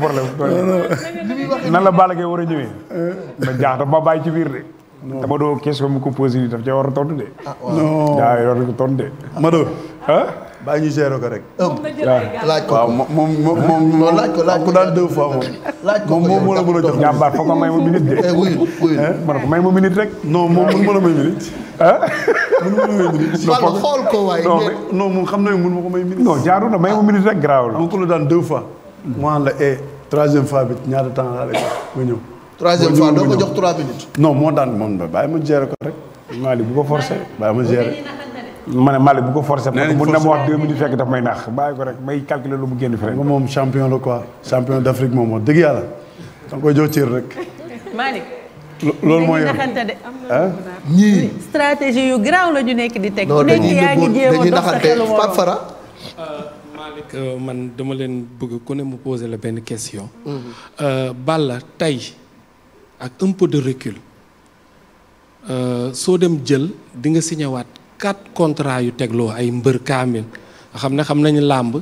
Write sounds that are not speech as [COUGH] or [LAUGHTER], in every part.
problème. [LAUGHS] [LAUGHS] nan la bala ke war a ñëwee. ma jaax dafa ma bàyyi ci biir de. dama doon question mu ko posé nii daf cee war a tontu de. ah waaw daa yor ko tontu de. Mado. ah. bàyyi moom moom moom laaj ko laaj ko daal deux fois moom. laaj ko moom moo la a jox. jàmbaar foog nga may ma minute de. wuy eh, wuy ma ne may ma minute rek. non moom mën ma la may minute. ah. mën may minute. xool ko na ne mën ma ko may minute. non jaaru na may ma minute rek garaawul. mu ko la daan deux fois. moo la e troisième fois bi ñaata temps laa lay nga ñëw. troisième fois daan moom bàyyi ma gérer ko rek Mali bu ko forcé bàyyi ma gérer. ma ne Mali bu ko forcé. nee mun na ma wax deux minutes fekk daf may naax bàyyi ko rek may calculer lu mu génn fi rek. nga moom champion la quoi champion d' Afrique moom wax dëgg yàlla da nga koy jox cër rek. Malick. loolu mooy ñii stratégie yu garaaw la nekk di teg. nekk yaa ngi jéem a sa xelu Pape Fara euh, Euh, man dama leen bëgg ku ne mu poser la benn question. Mhm. Euh, Balla tey ak un peu de recul euh, soo dem jël di nga signewaat quatre contrats yu tegloo ay mbër kaamil xam ne xam nañu làmb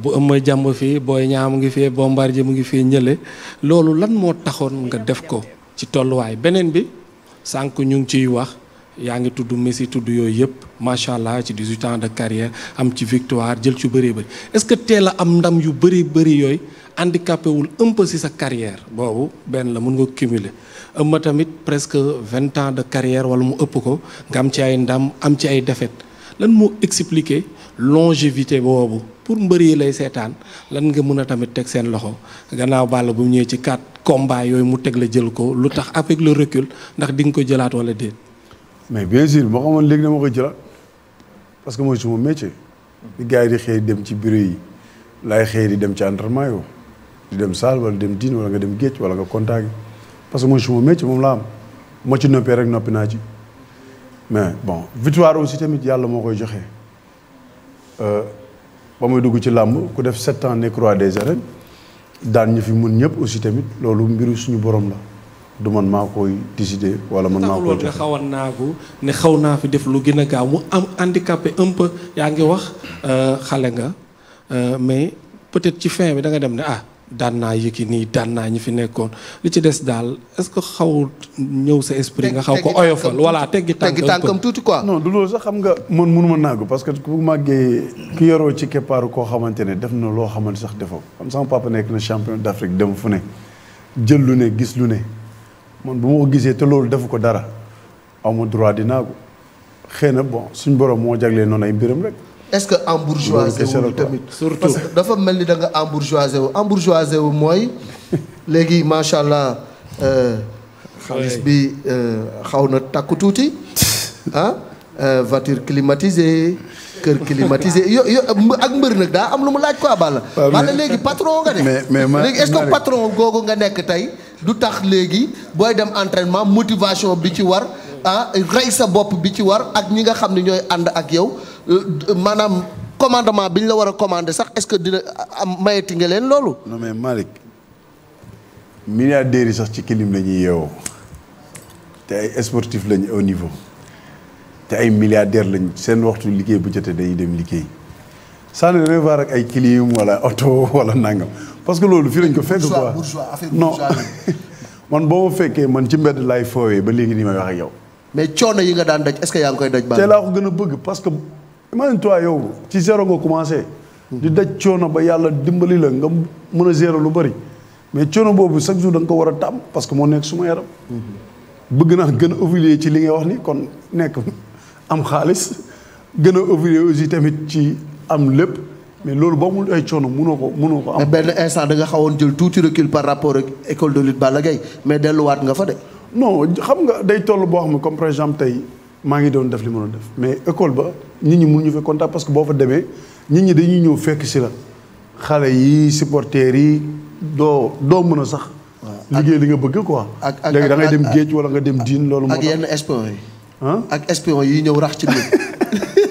bu ëmma jàmb fii booy ñaam ngi fii bombardier mu ngi fii ñële loolu lan moo taxoon nga def ko ci tolluwaay beneen bi sànq ñu ngi ciy wax. yaa ngi tudd Messi tudd yooyu yëpp macha allah ci 18 ans de carrière am ci victoire jël ci bëree bëri est-ce que teel a am ndam yu bëri bëri yooyu handicapé wul un si sa carrière boobu benn la mun nga cumiler ëmma tamit presque vingt ans de carrière wala mu ëpp ko nga am ci ay ndam am ci ay défaites lan mu expliquer longévité boobu pour mbëri yi lay seetaan lan nga mën a tamit teg seen loxo gannaaw Balla bu ñëwee ci quatre combats yooyu mu teg la jël ko lu tax avec le ndax di nga ko jëlaat wala déet. mais bien sûr moo xamoon léegi dama koy jëlaat parce que mooy suma métier. di gars yi di xëy dem ci bureau yi laay xëy di dem ci entraînement yo di dem salle wala dem diin wala nga dem géej wala nga contact parce que mooy suma métier moom laa am moo ci noppee rek noppi naa ci mais bon victoire aussi tamit yàlla moo koy joxe euh, ba mooy dugg ci làmb ku def sept ans nekk des arènes daan ñu fi mun ñëpp aussi tamit loolu mbiru suñu borom la. du man maa koy décider wala man maa koy nga xaw a naagu ne xaw naa fi def lu gën a gaaw mu am handicapé un peu yaa ngi wax euh, xale nga euh, mais peut-être ci fin bi da dem ne ah daan naa yëgi nii daan naa ñi fi nekkoon li ci des daal est-ce que xaw ñëw sa esprit nga xaw ko oyofal voilà teggi tànkam tuuti quoi no du loolu sax xam nga man mënuma naagu parce que ku màggee ku yaroo ci keppaaru koo xamante ne def na loo xamante sax defoo am sama papa nekk na champion d'Afrique dem fu ne jël lu ne gis lu ne man bu ma ko gisee te loolu defu ko dara amu droit di naagu xëy na bon suñ borom moo jaglee noonu ay mbiram rek. est-ce que embourgeoisé wu tamit surtout dafa mel ni da nga embourgeoisé wu embourgeoisé wu mooy [LAUGHS] léegi macha allah euh, xaalis bi euh, xaw na takk tuuti ah euh, voiture climatisée kër climatisé yo yo ak mbër nag daa am lu mu laaj quoi Balla. Balla léegi patron nga de. mais mais léegi est-ce que patron googu nga nekk tey. du tax léegi booy dem entraînement motivation bi ci war ah rey sa bopp bi ci war ak ñi nga xam ne ñooy ànd ak yow euh, maanaam commandement bi ñu la war a commandé sax est-ce que dina am mayeti nga leen loolu. non mais Malick milliardaires yi sax ci kilim la ñuy yeewoo te ay sportif lañ au niveau te ay milliardaires lañ seen waxtu liggéey bu jotee dañuy dem liggéey. ça ne rien à voir ak ay clim wala oto wala nangam parce que loolu fii lañ ko fekk quoi non [LAUGHS] man boo ma fekkee man ci mbedd laay foowee ba léegi nii may wax ak yow. mais coono yi nga daan daj est-ce ngi koy daj. baax gën a bëgg parce que imagine toi yow ci zéro nga commencé. di daj coono ba yàlla dimbali la nga mën a zéro lu bari mais coono boobu chaque jour da ko war a tàmm parce que moo nekk suma yaram. bëgg naa gën a évoluer ci li ngay wax ni kon nekk am xaalis gën a évoluer tamit ci. am lépp mais loolu ba mu ay coono mënoo ko mënoo ko am. benn instant danga xawoon jël tuuti recul par rapport ak école de lutte Balla Gaye mais delluwaat nga fa de. non xam nga day toll boo xam ne comme par exemple tey maa ngi doon def li mën a def mais école ba nit ñi ñu fa contact parce que boo fa demee nit ñi dañuy ñëw fekk si la xale yi supporters yi doo doo mën a sax. liggéey li nga bëgg quoi. ak ak léegi da ngay dem géej wala nga dem diin loolu. moo tax ak yenn espion yi. ak espion yi ñëw rax ci [LAUGHS]